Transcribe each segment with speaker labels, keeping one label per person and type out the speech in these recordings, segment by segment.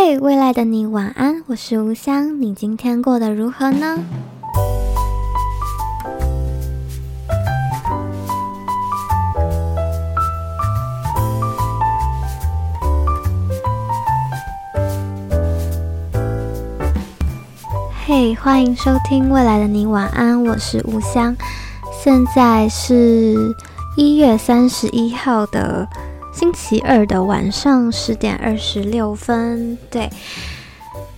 Speaker 1: 嘿、hey，未來的你晚安，我是吳湘，你今天過得如何呢？嘿、hey，歡迎收聽《未來的你晚安》，我是吳湘，現在是一月三十一號的。星期二的晚上十點二十六分，對，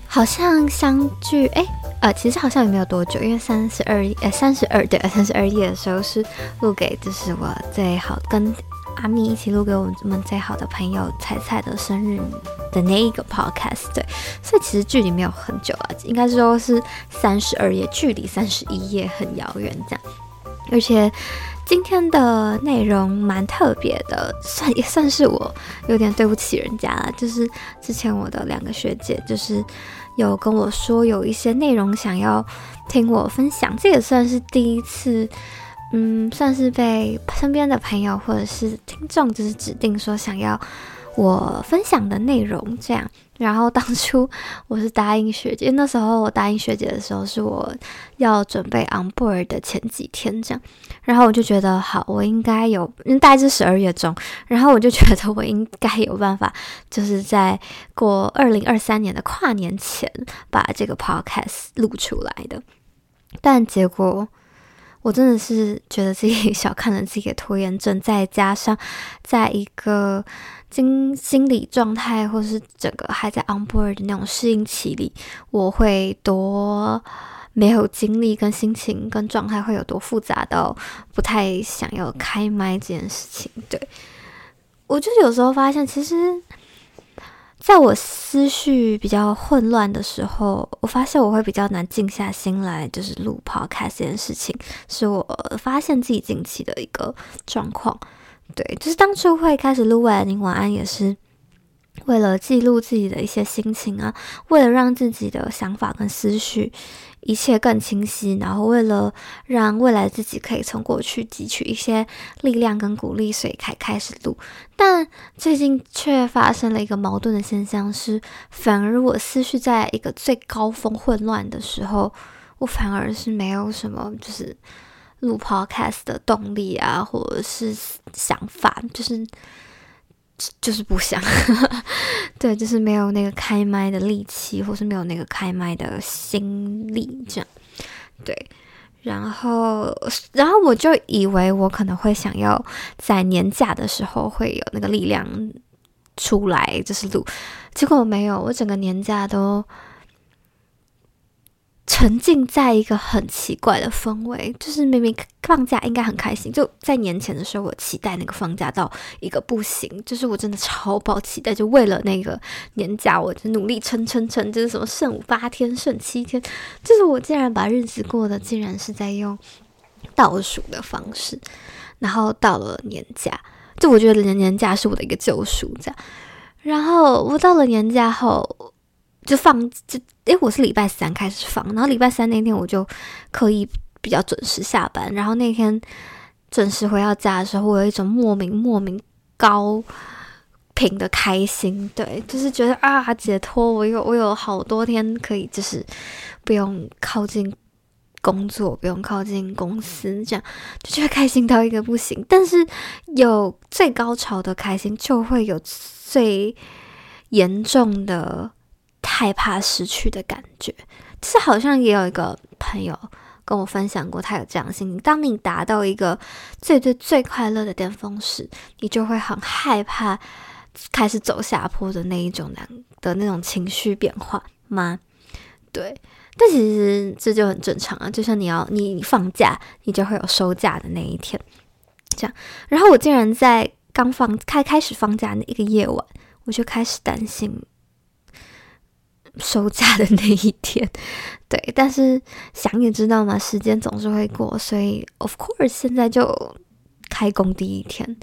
Speaker 1: 好像相距哎，呃，其實好像也沒有多久，因為三十二呃三十二對，三十二夜的時候是錄給就是我最好跟阿咪一起錄給我們最好的朋友彩彩的生日的那一個 podcast，對，所以其實距離沒有很久啊，應該是說是三十二夜，距離三十一夜很遙遠，這樣，而且。今天的內容蠻特別的，算也算是我有點對不起人家了。就是之前我的兩個學姐，就是有跟我說有一些內容想要聽我分享，這也算是第一次，嗯，算是被身邊的朋友或者是聽眾就是指定說想要我分享的內容這樣。然後當初我是答應學姐，那時候我答應學姐的時候是我要準備 on board 的前幾天這樣，然後我就覺得好，我應該有，嗯，大概是十二月中，然後我就覺得我應該有辦法，就是在過二零二三年的跨年前把這個 podcast 錄出來的。但結果我真的是覺得自己小看了自己的拖延症，再加上在一個。經心理狀態，或是整個還在 on board 的那種適應期裡，我會多沒有精力、跟心情、跟狀態會有多複雜到、哦、不太想要開麥這件事情。對，我就有時候發現，其實在我思緒比較混亂的時候，我發現我會比較難靜下心來，就是錄 podcast 這件事情，是我發現自己近期的一個狀況。對，就是當初會開始錄未來，你晚安也是為了記錄自己的一些心情啊，為了讓自己的想法跟思緒一切更清晰，然後為了讓未來自己可以從過去汲取一些力量跟鼓勵，所以才開始錄。但最近卻發生了一個矛盾的現象是，是反而我思緒在一個最高峰混亂的時候，我反而是沒有什麼，就是。錄 Podcast 的動力啊，或者是想法，就是就是不想， 對，就是沒有那個開麥的力氣，或是沒有那個開麥的心力，這樣對。然後，然後我就以為我可能會想要在年假的時候會有那個力量出來，就是錄，結果沒有，我整個年假都。沉浸在一個很奇怪的氛圍，就是明明放假應該很開心，就在年前的時候，我期待那個放假到一個不行，就是我真的超爆期待，就為了那個年假，我就努力撐撐撐，就是什麼剩五八天，剩七天，就是我竟然把日子過得，竟然是在用倒數的方式，然後到了年假，就我覺得年年假是我的一個救贖這樣，然後我到了年假後。就放就誒，我是禮拜三開始放，然後禮拜三那天我就可以比較準時下班，然後那天準時回到家的時候，我有一種莫名莫名高頻的開心，對，就是覺得啊解脫，我有我有好多天可以就是不用靠近工作，不用靠近公司，這樣就覺得開心到一個不行。但是有最高潮的開心，就會有最嚴重的。害怕失去的感覺，其實好像也有一個朋友跟我分享過，他有這樣的心情。當你達到一個最最最快樂的巔峰時，你就會很害怕開始走下坡的那一種難的那種情緒變化嗎？對，但其實這就很正常啊，就像你要你放假，你就會有收假的那一天，這樣。然後我竟然在剛放開開始放假的那一個夜晚，我就開始擔心。收假的那一天，對，但是想也知道嘛，時間總是會過，所以 of course 現在就開工第一天，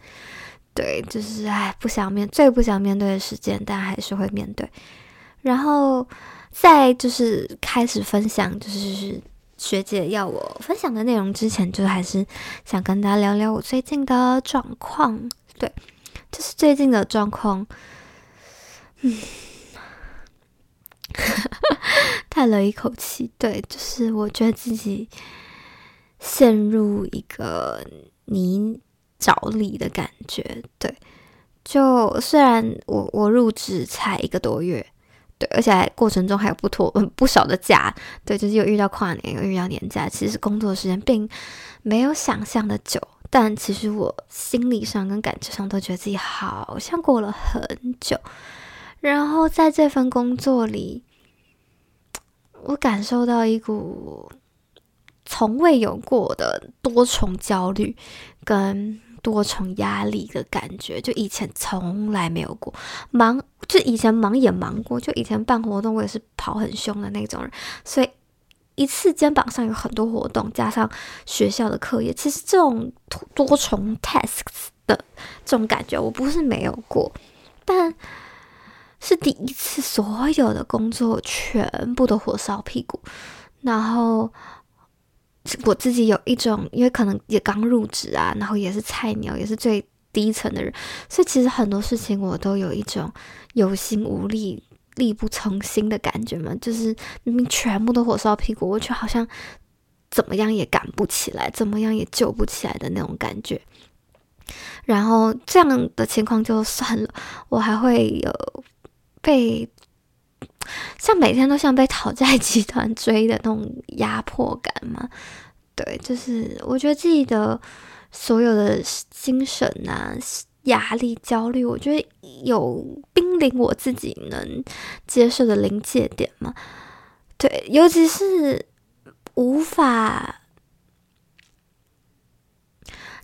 Speaker 1: 對，就是哎，不想面，最不想面對的時間，但還是會面對。然後，在就是開始分享，就是學姐要我分享的內容之前，就還是想跟大家聊聊我最近的狀況，對，就是最近的狀況，嗯。哈，嘆了一口氣，對，就是我覺得自己陷入一個泥沼裡的感覺，對，就雖然我我入職才一個多月，對，而且還過程中還有不妥不少的假，對，就是又遇到跨年，又遇到年假，其實工作時間並沒有想象的久，但其實我心理上跟感覺上都覺得自己好像過了很久，然後在這份工作裡。我感受到一股從未有過的多重焦慮跟多重壓力的感覺，就以前從來沒有過。忙，就以前忙也忙過，就以前辦活動我也是跑很凶的那種人，所以一次肩膀上有很多活動，加上學校的課業，其實這種多重 tasks 的這種感覺，我不是沒有過，但。是第一次，所有的工作全部都火燒屁股，然後我自己有一種，因為可能也剛入職啊，然後也是菜鳥，也是最低層的人，所以其實很多事情我都有一種有心無力、力不從心的感覺嘛，就是明明全部都火燒屁股，我卻好像怎麼樣也趕不起來，怎麼樣也救不起來的那種感覺。然後這樣的情況就算了，我還會有。被像每天都像被討債集團追的那種壓迫感嘛，對，就是我覺得自己的所有的精神啊、壓力、焦慮，我覺得有瀕臨我自己能接受的臨界點嘛。對，尤其是無法，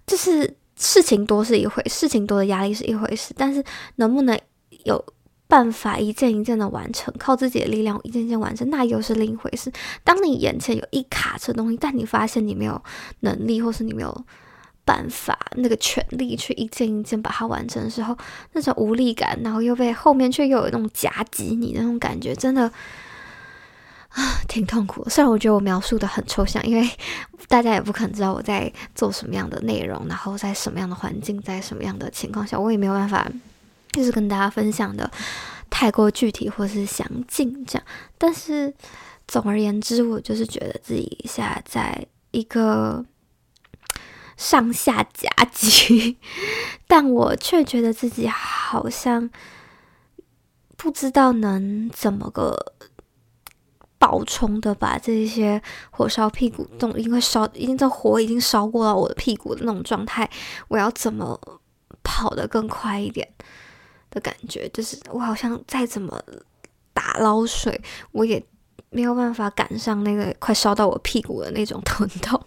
Speaker 1: 就是事情多是一回，事情多的壓力是一回事，但是能不能有辦法一件一件的完成，靠自己的力量一件一件完成，那又是另一回事。當你眼前有一卡車的東西，但你發現你沒有能力，或是你沒有辦法那個權利去一件一件把它完成的時候，那種無力感，然後又被後面卻又有那種夾擊你那種感覺，真的啊，挺痛苦。雖然我覺得我描述得很抽象，因為大家也不可能知道我在做什麼樣的內容，然後在什麼樣的環境，在什麼樣的情況下，我也沒有辦法。就是跟大家分享的太過具體或是詳盡，這樣。但是總而言之，我就是覺得自己一下在一個上下夾擊，但我卻覺得自己好像不知道能怎麼個爆衝的把這些火燒屁股動，動，因為燒，因為這火已經燒過了我的屁股的那種狀態，我要怎麼跑得更快一點？的感覺就是，我好像再怎麼打撈水，我也沒有辦法趕上那個快燒到我屁股的那種疼痛。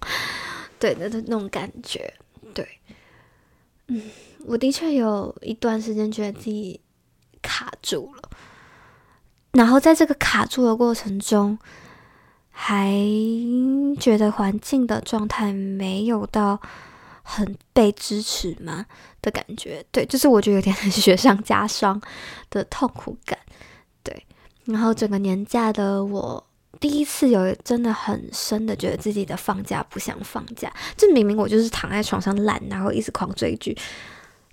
Speaker 1: 對，的、就是、那種感覺，對，嗯，我的確有一段時間覺得自己卡住了，然後在這個卡住的過程中，還覺得環境的狀態沒有到。很被支持嗎的感覺？對，就是我覺得有點很雪上加霜的痛苦感。對，然後整個年假的我第一次有真的很深的覺得自己的放假不想放假。就明明我就是躺在床上懶，然後一直狂追劇，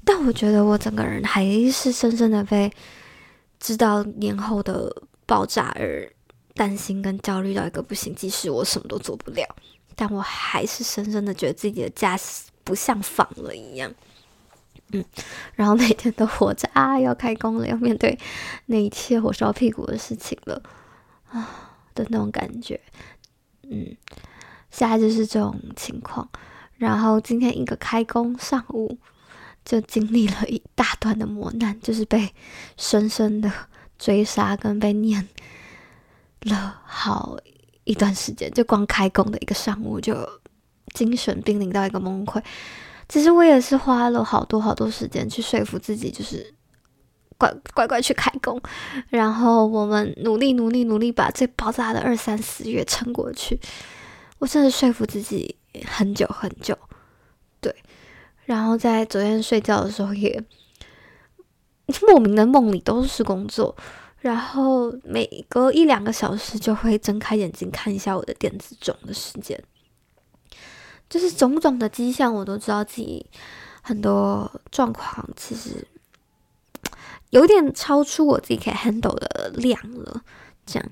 Speaker 1: 但我覺得我整個人還是深深的被知道年後的爆炸而擔心跟焦慮到一個不行。即使我什麼都做不了，但我還是深深的覺得自己的假期。不像仿了一樣，嗯，然後每天都活着啊，要開工了，要面對那一切火燒屁股的事情了，啊，的那種感覺，嗯，現在就是這種情況。然後今天一個開工上午，就經歷了一大段的磨難，就是被深深的追殺跟被念了好一段時間，就光開工的一個上午就。精神瀕臨到一個崩潰，其實我也是花了好多好多時間去說服自己，就是乖乖乖去開工，然後我們努力努力努力把最爆炸的二三四月撐過去。我真的說服自己很久很久，對。然後在昨天睡覺的時候也，也莫名的夢裡都是工作，然後每隔一兩個小時就會睜開眼睛看一下我的電子鐘的時間。就是種種的跡象，我都知道自己很多狀況其實有點超出我自己可以 handle 的量了。這樣，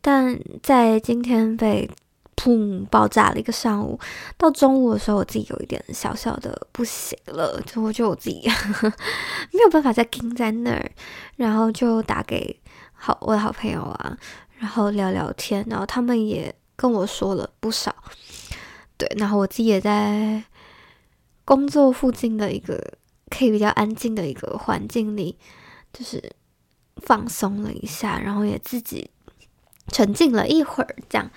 Speaker 1: 但在今天被砰爆炸了一個上午，到中午的時候，我自己有一點小小的不行了，就我就我自己呵呵沒有辦法再盯在那兒，然後就打給好我的好朋友啊，然後聊聊天，然後他們也跟我說了不少。對，然後我自己也在工作附近的一個可以比較安靜的一個環境裡，就是放鬆了一下，然後也自己沉浸了一會兒，這樣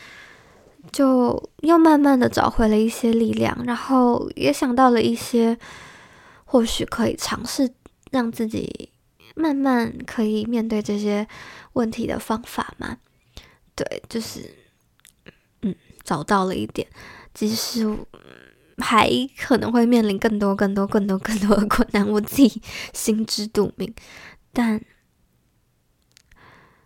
Speaker 1: 就又慢慢的找回了一些力量，然後也想到了一些或許可以嘗試讓自己慢慢可以面對這些問題的方法嘛。對，就是嗯，找到了一點。即使還可能會面臨更多、更多、更多、更多的困難，我自己心知肚明。但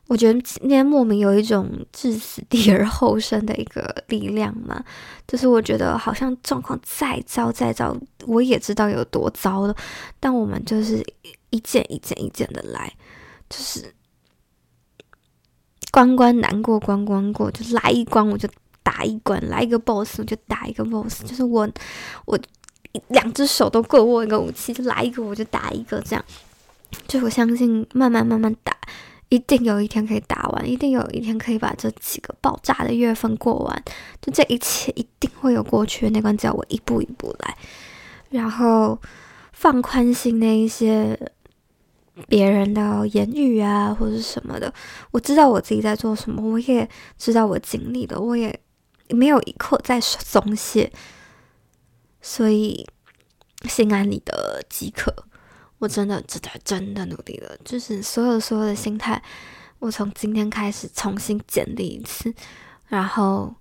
Speaker 1: 我覺得今天莫名有一種置死地而後生的一個力量嘛，就是我覺得好像狀況再糟再糟，我也知道有多糟了，但我們就是一件一件一件的來，就是關關難過關關過，就來一關我就。打一關來一個 boss，就打一個 boss。就是我，我兩隻手都夠握一個武器，就來一個我就打一個。這樣，就我相信慢慢慢慢打，一定有一天可以打完，一定有一天可以把這幾個爆炸的月份過完。就這一切一定會有過去的那關，只要我一步一步來，然後放寬心，那一些別人的言語啊或者什麼的，我知道我自己在做什麼，我也知道我經歷的，我也。沒有一刻在鬆懈，所以心安理得即可。我真的真的真的努力了，就是所有所有的心態，我從今天開始重新建立一次，然後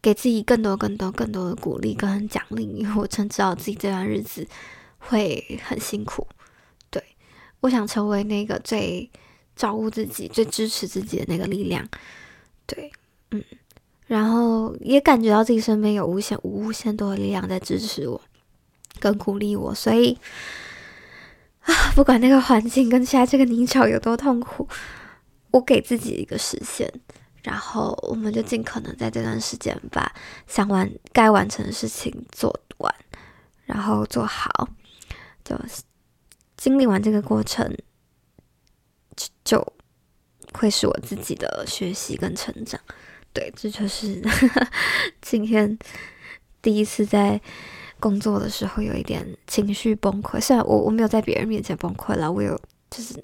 Speaker 1: 給自己更多更多更多的鼓勵跟獎勵，因為我真知道自己這段日子會很辛苦。對，我想成為那個最照顧自己、最支持自己的那個力量。對，嗯。然後也感覺到自己身邊有無限無限多的力量在支持我，跟鼓勵我，所以啊，不管那個環境跟現在這個泥沼有多痛苦，我給自己一個時限，然後我們就盡可能在這段時間把想完該完成的事情做完，然後做好，就經歷完這個過程，就就會是我自己的學習跟成長。對，這就是今天第一次在工作的時候有一點情緒崩潰。雖然我我沒有在別人面前崩潰啦，我有就是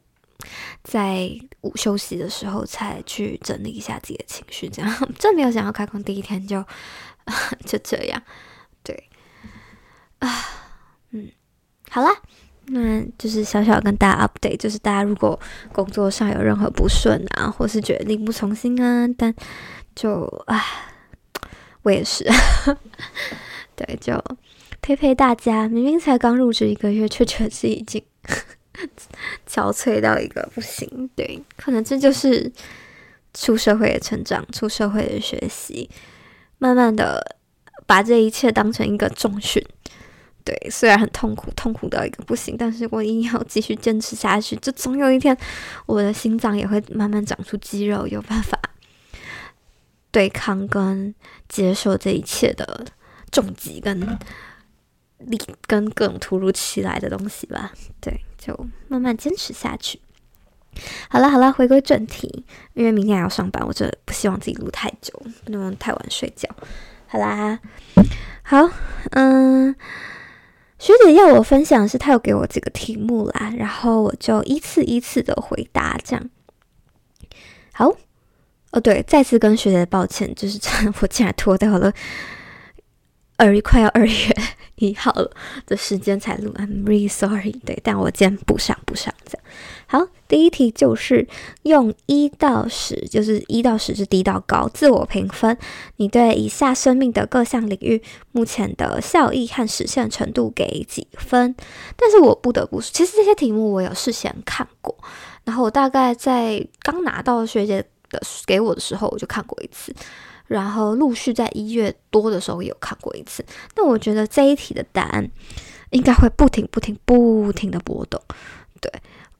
Speaker 1: 在午休息的時候才去整理一下自己的情緒，這樣真沒有想要開工第一天就啊就這樣。對，啊，嗯，好啦。那就是小小跟大家 update，就是大家如果工作上有任何不順啊，或是覺得力不從心啊，但就唉，我也是， 對，就陪陪大家。明明才剛入職一個月，卻確實已經 憔悴到一個不行。對，可能這就是出社會的成長，出社會的學習，慢慢的把這一切當成一個重訓。對，雖然很痛苦，痛苦到一個不行，但是我一定要繼續堅持下去。就總有一天，我的心臟也會慢慢長出肌肉，有辦法對抗跟接受這一切的重擊跟力跟各種突如其來的東西吧。對，就慢慢堅持下去。好了好了，回歸正題，因為明天還要上班，我就不希望自己錄太久，不能太晚睡覺。好啦，好，嗯。學姐要我分享是，她有給我幾個題目啦，然後我就一次一次的回答這樣。好，哦。對，再次跟學姐抱歉，就是我竟然拖到了。二月，快要二月一號了，這時間才錄，I'm really sorry。對，但我今天不想不想這樣。好，第一題就是用一到十，就是一到十是低到高，自我評分，你對以下生命的各項領域目前的效益和實現程度給幾分？但是我不得不說，其實這些題目我有事先看過，然後我大概在剛拿到學姐的給我的時候，我就看過一次。然後陸續在一月多的時候有看過一次，那我覺得這一題的答案應該會不停不停不停的波動，對，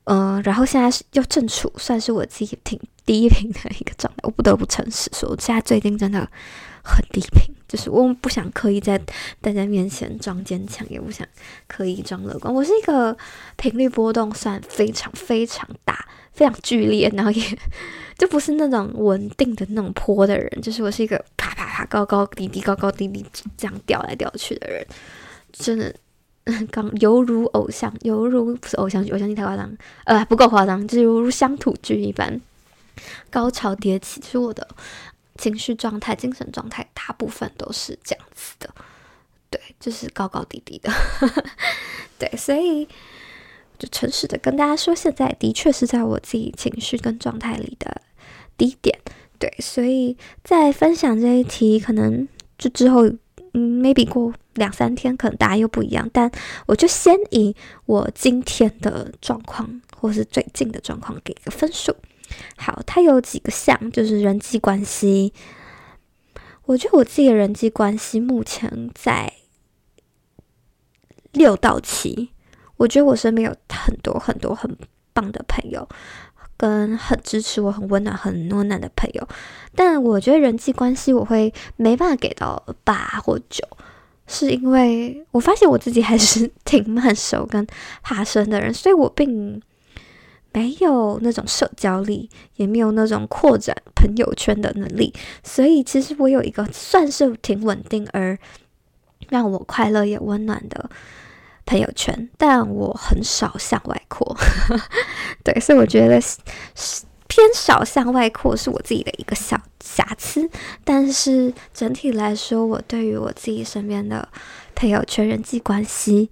Speaker 1: 嗯，然後現在是又正處算是我自己挺低頻的一個狀態，我不得不誠實說，所以我現在最近真的很低頻。就是我不想刻意在大家面前裝堅強，也不想刻意裝樂觀。我是一個頻率波動算非常非常大、非常劇烈，然後也就不是那種穩定的那種潑的人。就是我是一個啪啪啪、高高低低、高高低低這樣掉來掉去的人。真的，剛猶如偶像，猶如不是偶像劇，我相信太誇張，呃，不夠誇張，就是猶如鄉土劇一般，高潮迭起，是我的。情緒狀態、精神狀態，大部分都是這樣子的，對，就是高高低低的， 對，所以就誠實的跟大家說，現在的確是在我自己情緒跟狀態裡的低點，對，所以在分享這一題，可能就之後，嗯，maybe 過兩三天，可能答案又不一樣，但我就先以我今天的狀況，或是最近的狀況給一個分數。好，他有幾個項，就是人際關係。我覺得我自己的人際關係目前在六到七。我覺得我身邊有很多很多很棒的朋友，跟很支持我、很溫暖、很溫暖的朋友。但我覺得人際關係我會沒辦法給到八或九，是因為我發現我自己還是挺慢熟跟怕生的人，所以我並沒有那種社交力，也沒有那種擴展朋友圈的能力，所以其實我有一個算是挺穩定而讓我快樂也溫暖的朋友圈，但我很少向外擴。 對，所以我覺得偏少向外擴是我自己的一個小瑕疵。但是整體來說，我對於我自己身邊的朋友圈人際關係，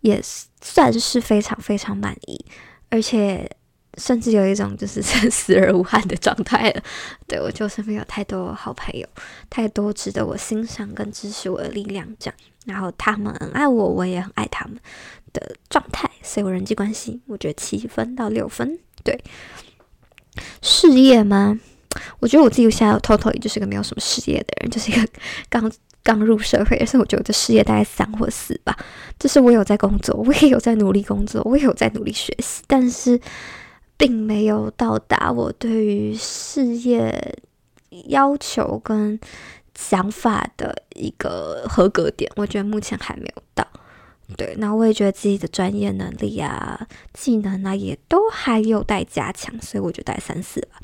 Speaker 1: 也算是非常非常滿意。而且，甚至有一種就是死而無憾的狀態了。對，我就身邊有太多好朋友，太多值得我欣賞跟支持我的力量這樣。然後他們很愛我，我也很愛他們的狀態。所以我人際關係，我覺得七分到六分。對，事業嗎？我覺得我自己現在，要偷偷就是一個沒有什麼事業的人，就是一個剛。剛入社會，所以我覺得我的事業大概三或四吧。就是我有在工作，我也有在努力工作，我也有在努力學習，但是並沒有到達我對於事業要求跟想法的一個合格點。我覺得目前還沒有到。對，那我也覺得自己的專業能力啊、技能啊，也都還有待加強。所以我覺得在三四吧。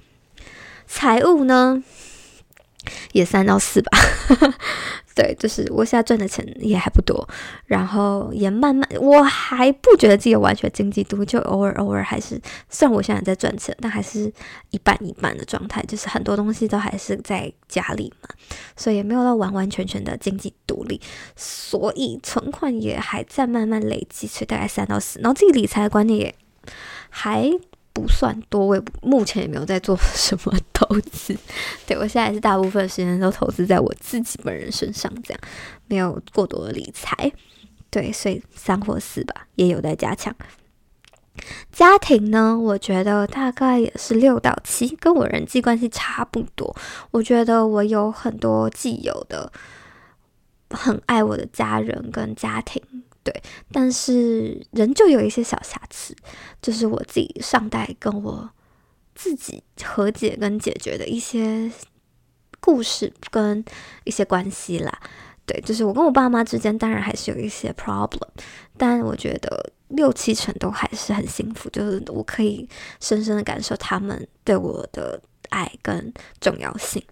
Speaker 1: 財務呢？也三到四吧， 對，就是我現在賺的錢也還不多，然後也慢慢，我還不覺得自己完全經濟獨立，就偶爾偶爾還是，雖然我現在在賺錢，但還是一半一半的狀態，就是很多東西都還是在家裡嘛，所以也沒有到完完全全的經濟獨立，所以存款也還在慢慢累積，所以大概三到四，然後自己理財的觀念也還不算多，我目前也沒有在做什麼投資。對，我現在是大部分時間都投資在我自己本人身上，這樣沒有過多的理財。對，所以三或四吧，也有待加強。家庭呢，我覺得大概也是六到七，跟我人際關係差不多。我覺得我有很多既有的、很愛我的家人跟家庭。對，但是仍舊有一些小瑕疵，就是我自己尚待跟我自己和解跟解決的一些故事跟一些關係啦。對，就是我跟我爸媽之間當然還是有一些 problem，但我覺得六七成都還是很幸福，就是我可以深深的感受他們對我的愛跟重要性。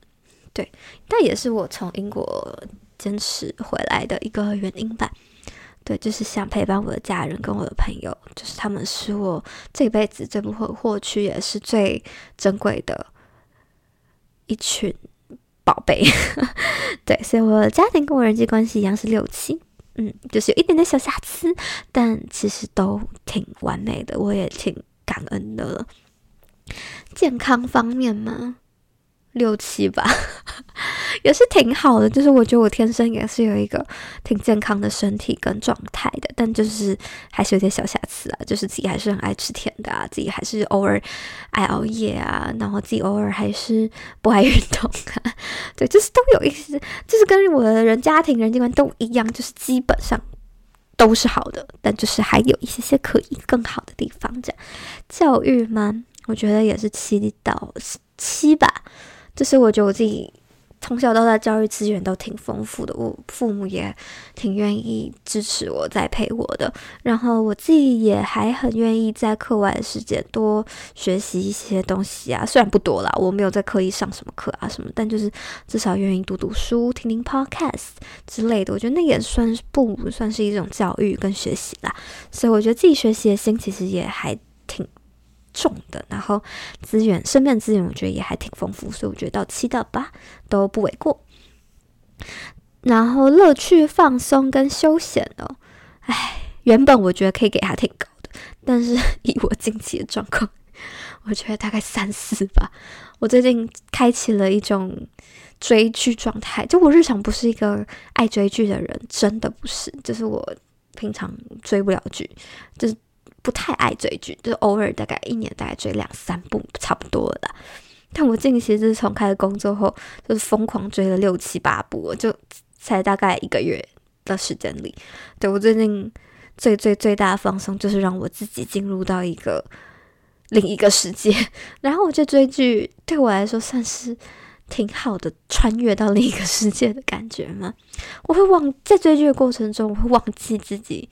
Speaker 1: 對，但也是我從英國堅持回來的一個原因吧。對，就是想陪伴我的家人跟我的朋友，就是他們是我這一輩子最不會獲取也是最珍貴的一群寶貝。 對，所以我的家庭跟我人際關係一樣是六七，嗯，就是有一點點小瑕疵，但其實都挺完美的，我也挺感恩的。健康方面嘛？六七吧，也是挺好的。就是我覺得我天生也是有一個挺健康的身體跟狀態的，但就是還是有點小瑕疵啊。就是自己還是很愛吃甜的啊，自己還是偶爾愛熬夜啊，然後自己偶爾還是不愛運動啊。對，就是都有一些，就是跟我的人、家庭、人際關係都一樣，就是基本上都是好的，但就是還有一些些可以更好的地方。這樣教育嘛，我覺得也是七到七吧。就是我覺得我自己從小到大教育資源都挺豐富的，我父母也挺願意支持我、栽培我的。然後我自己也還很願意在課外的時間多學習一些東西啊，雖然不多啦，我沒有在刻意上什麼課啊什麼，但就是至少願意讀讀書、聽聽 podcast 之類的。我覺得那也算不算是一種教育跟學習啦。所以我覺得自己學習的心其實也還挺重的，然後資源身邊資源我覺得也還挺豐富，所以我覺得到七到八都不為過。然後樂趣、放鬆跟休閒哦。哎，原本我覺得可以給他挺高的，但是以我近期的狀況，我覺得大概三四吧。我最近開啟了一種追劇狀態，就我日常不是一個愛追劇的人，真的不是，就是我平常追不了劇，就是。不太愛追劇，就是、偶爾大概一年大概追兩三部差不多了啦。但我近期自從開始工作後，就是瘋狂追了六七八部，我就才大概一個月的時間裡。對，我最近最最最大的放鬆，就是讓我自己進入到一個另一個世界。然後我就追劇，對我來說算是挺好的，穿越到另一個世界的感覺嘛。我會忘，在追劇的過程中，我會忘記自己。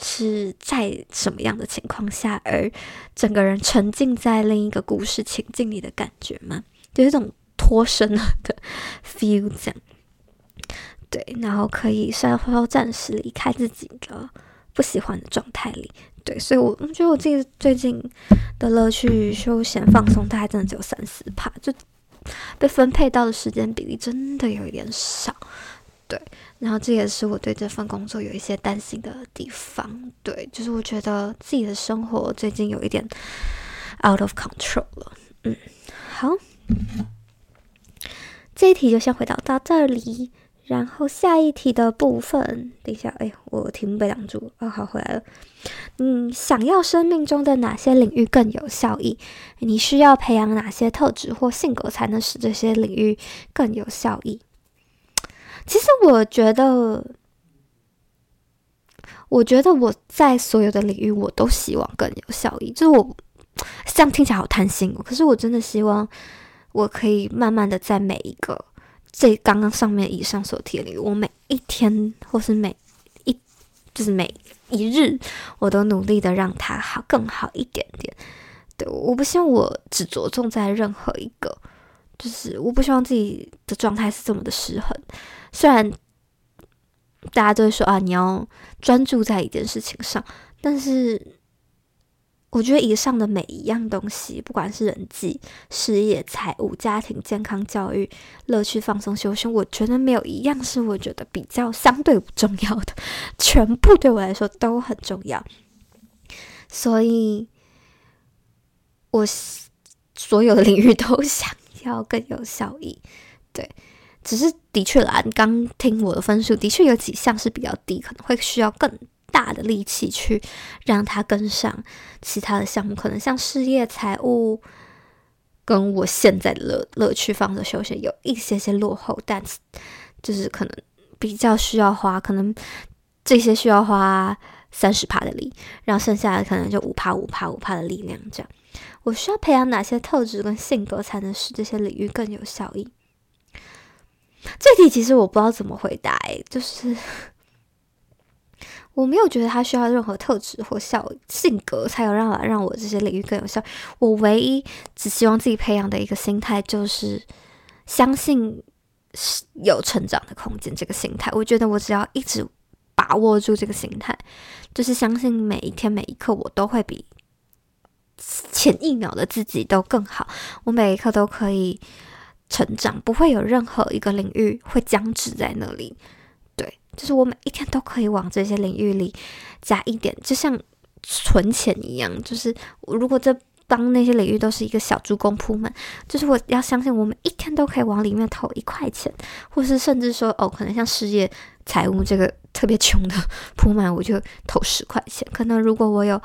Speaker 1: 是在什麼樣的情況下，而整個人沉浸在另一個故事情境裡的感覺嗎？有一種脫身了的 feel，這樣。對，然後可以稍稍暫時離開自己的不喜歡的狀態裡。對，所以我我覺得我自己最近的樂趣、休閒、放鬆，大概真的只有三四趴，就被分配到的時間比例真的有一點少。對，然後這也是我對這份工作有一些擔心的地方。對，就是我覺得自己的生活最近有一點 out of control 了。嗯，好，這一題就先回到到這裡。然後下一題的部分，等一下，哎，我題目被擋住了。哦，好，回來了。嗯，想要生命中的哪些領域更有效益？你需要培養哪些特質或性格才能使這些領域更有效益？其實我覺得，我覺得我在所有的領域，我都希望更有效益。就是我這樣聽起來好貪心，可是我真的希望我可以慢慢的在每一個這剛剛上面以上所提的領域，我每一天或是每一就是每一日，我都努力的讓它好，更好一點點。對，我不希望我只着重在任何一個。就是我不希望自己的狀態是這麼的失衡。雖然大家都會說啊，你要專注在一件事情上，但是我覺得以上的每一樣東西，不管是人際、事業、財務、家庭、健康、教育、樂趣、放鬆、修身，我覺得沒有一樣是我覺得比較相對不重要的，全部對我來說都很重要。所以，我所有的領域都想。要更有效益，對，只是的確，按剛聽我的分數，的確有幾項是比較低，可能會需要更大的力氣去讓他跟上其他的項目，可能像事業、財務，跟我現在的樂，樂趣方的休閒有一些些落後，但就是可能比較需要花，可能這些需要花。三十趴的力，然後剩下的可能就五趴、五趴、五趴的力量這樣。我需要培養哪些特質跟性格，才能使這些領域更有效益？這題其實我不知道怎麼回答，欸，哎，就是我沒有覺得他需要任何特質或效性格，才有讓我讓我這些領域更有效益。我唯一只希望自己培養的一個心態，就是相信有成長的空間這個心態。我覺得我只要一直。把握住這個心態，就是相信每一天每一刻我都會比前一秒的自己都更好。我每一刻都可以成長，不會有任何一個領域會僵持在那裡。對，就是我每一天都可以往這些領域裡加一點，就像存錢一樣。就是如果這幫那些領域都是一個小豬公鋪滿，就是我要相信我每一天都可以往裡面投一塊錢，或是甚至說哦，可能像事業。財務這個特別窮的撲滿，我就投十塊錢，可能如果我有，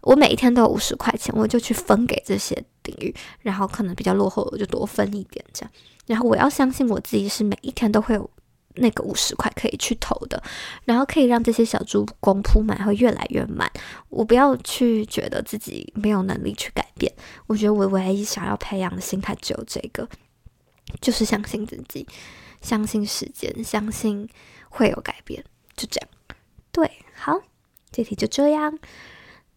Speaker 1: 我每一天都有五十塊錢，我就去分給這些領域，然後可能比較落後，我就多分一點這樣。然後我要相信我自己是每一天都會有那個五十塊可以去投的，然後可以讓這些小豬公撲滿，會越來越滿。我不要去覺得自己沒有能力去改變。我覺得我唯一想要培養的心態只有這個，就是相信自己，相信時間，相信。會有改變，就這樣。對，好，這題就這樣。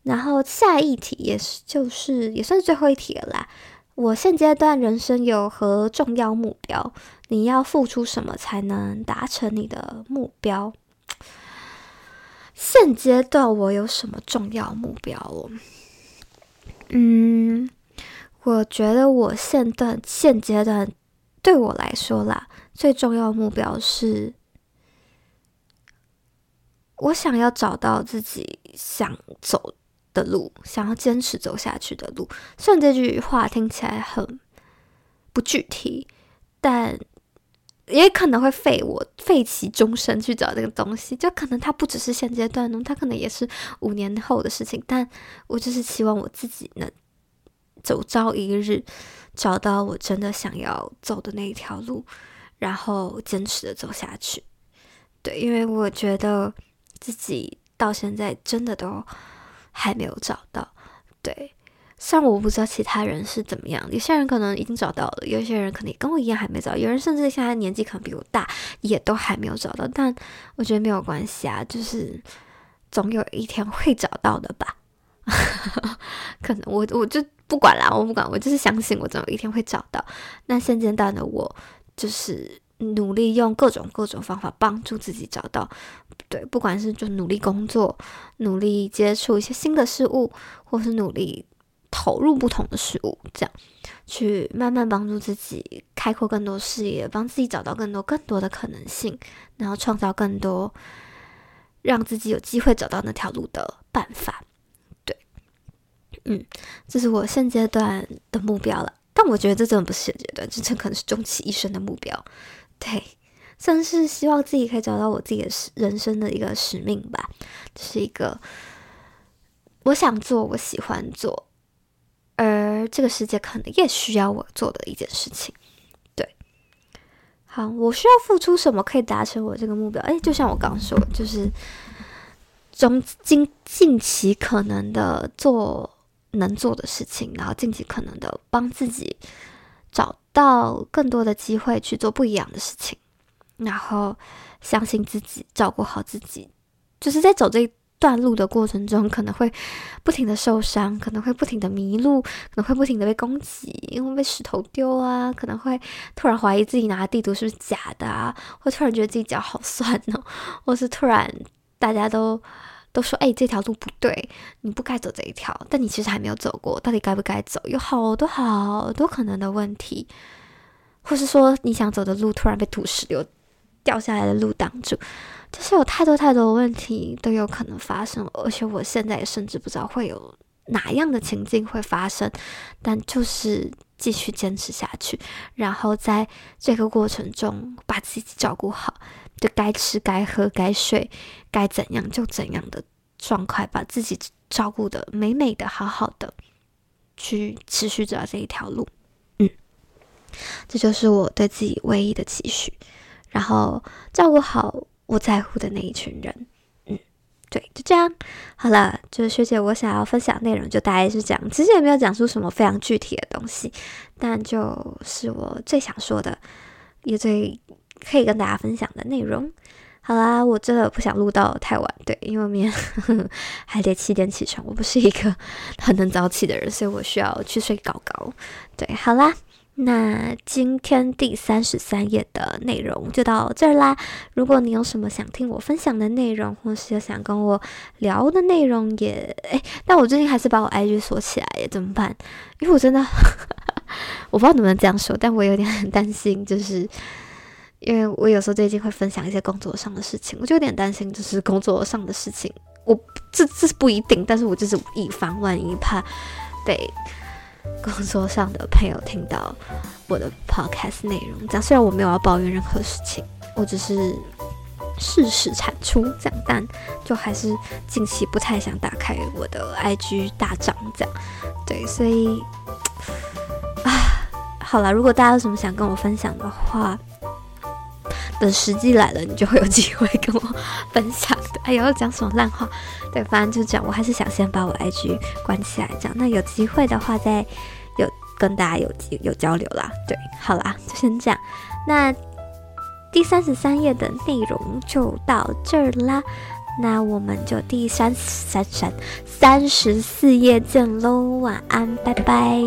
Speaker 1: 然後下一題，也是就是也算是最後一題了啦。我現階段人生有何重要目標？你要付出什麼才能達成你的目標？現階段我有什麼重要目標？我，嗯，我覺得我現段現階段對我來說啦，最重要目標是。我想要找到自己想走的路，想要堅持走下去的路。雖然這句話聽起來很不具體，但也可能會費，我費其終身去找這個東西。就可能它不只是現階段，它可能也是五年後的事情。但我就是希望我自己能，有朝一日找到我真的想要走的那一條路，然後堅持的走下去。對，因為我覺得。自己到現在真的都還沒有找到，對。雖然我不知道其他人是怎麼樣，有些人可能已經找到了，有些人可能也跟我一樣還沒找，有人甚至現在年紀可能比我大，也都還沒有找到。但我覺得沒有關係啊，就是總有一天會找到的吧？ 可能我我就不管啦，我不管，我就是相信我總有一天會找到。那現階段的我就是。努力用各種各種方法幫助自己找到，對，不管是就努力工作，努力接觸一些新的事物，或是努力投入不同的事物，這樣去慢慢幫助自己開闊更多視野，幫自己找到更多更多的可能性，然後創造更多讓自己有機會走到那條路的辦法。對，嗯，這是我現階段的目標了，但我覺得這真的不是現階段，這真可能是終其一生的目標。對，算是希望自己可以找到我自己的人生的，一個使命吧，就是一個我想做，我喜歡做，而這個世界可能也需要我做的一件事情。對，好，我需要付出什麼可以達成我這個目標？哎，就像我剛，剛說，就是中盡盡其可能的做能做的事情，然後盡其可能的幫自己找。到更多的機會去做不一樣的事情，然後相信自己，照顧好自己。就是在走這一段路的過程中，可能會不停的受傷，可能會不停的迷路，可能會不停的被攻擊，因為被石頭丟啊，可能會突然懷疑自己拿的地圖是不是假的啊，會突然覺得自己腳好酸哦，或是突然大家都。都說：“哎，這條路不對，你不該走這一條。”但你其實還沒有走過，到底該不該走？有好多好多可能的問題，或是說你想走的路突然被土石流掉下來的路擋住，就是有太多太多的問題都有可能發生。而且我現在也甚至不知道會有哪樣的情境會發生，但就是繼續堅持下去，然後在這個過程中把自己，自己照顧好。就該吃該喝該睡該怎樣就怎樣的狀態，把自己照顧得美美的、好好的，去持續走這一條路。嗯，這就是我對自己唯一的期許。然後照顧好我在乎的那一群人。嗯，對，就這樣。好了，就是學姐我想要分享的內容就大概是這樣。其實也沒有講出什麼非常具體的東西，但就是我最想說的，也最。可以跟大家分享的內容。好啦，我真的不想錄到太晚，對，因為明天呵呵還得七點起床。我不是一個很能早起的人，所以我需要去睡高高。對，好啦，那今天第三十三夜的內容就到這兒啦。如果你有什麼想聽我分享的內容，或是有想跟我聊的內容，也……哎，但我最近還是把我 IG 鎖起來耶，怎麼辦？因為我真的， 我不知道能不能這樣說，但我有點很擔心，就是。因為我有時候最近會分享一些工作上的事情，我就有點擔心，就是工作上的事情，我這這是不一定，但是我就是以防萬一，怕被工作上的朋友聽到我的 podcast 內容這樣。雖然我沒有要抱怨任何事情，我只是事實產出這樣，但就還是近期不太想打開我的 IG 大帳這樣。對，所以啊，好了，如果大家有什麼想跟我分享的話，等時機來了，你就會有機會跟我分享。對，哎呦，要講什麼爛話？對，反正就這樣。我還是想先把我 IG 關起來，這樣那有機會的話再有跟大家有有交流啦。對，好啦，就先這樣。那第三十三夜的內容就到這兒啦。那我們就第三三三十四夜見嘍。晚安，拜拜。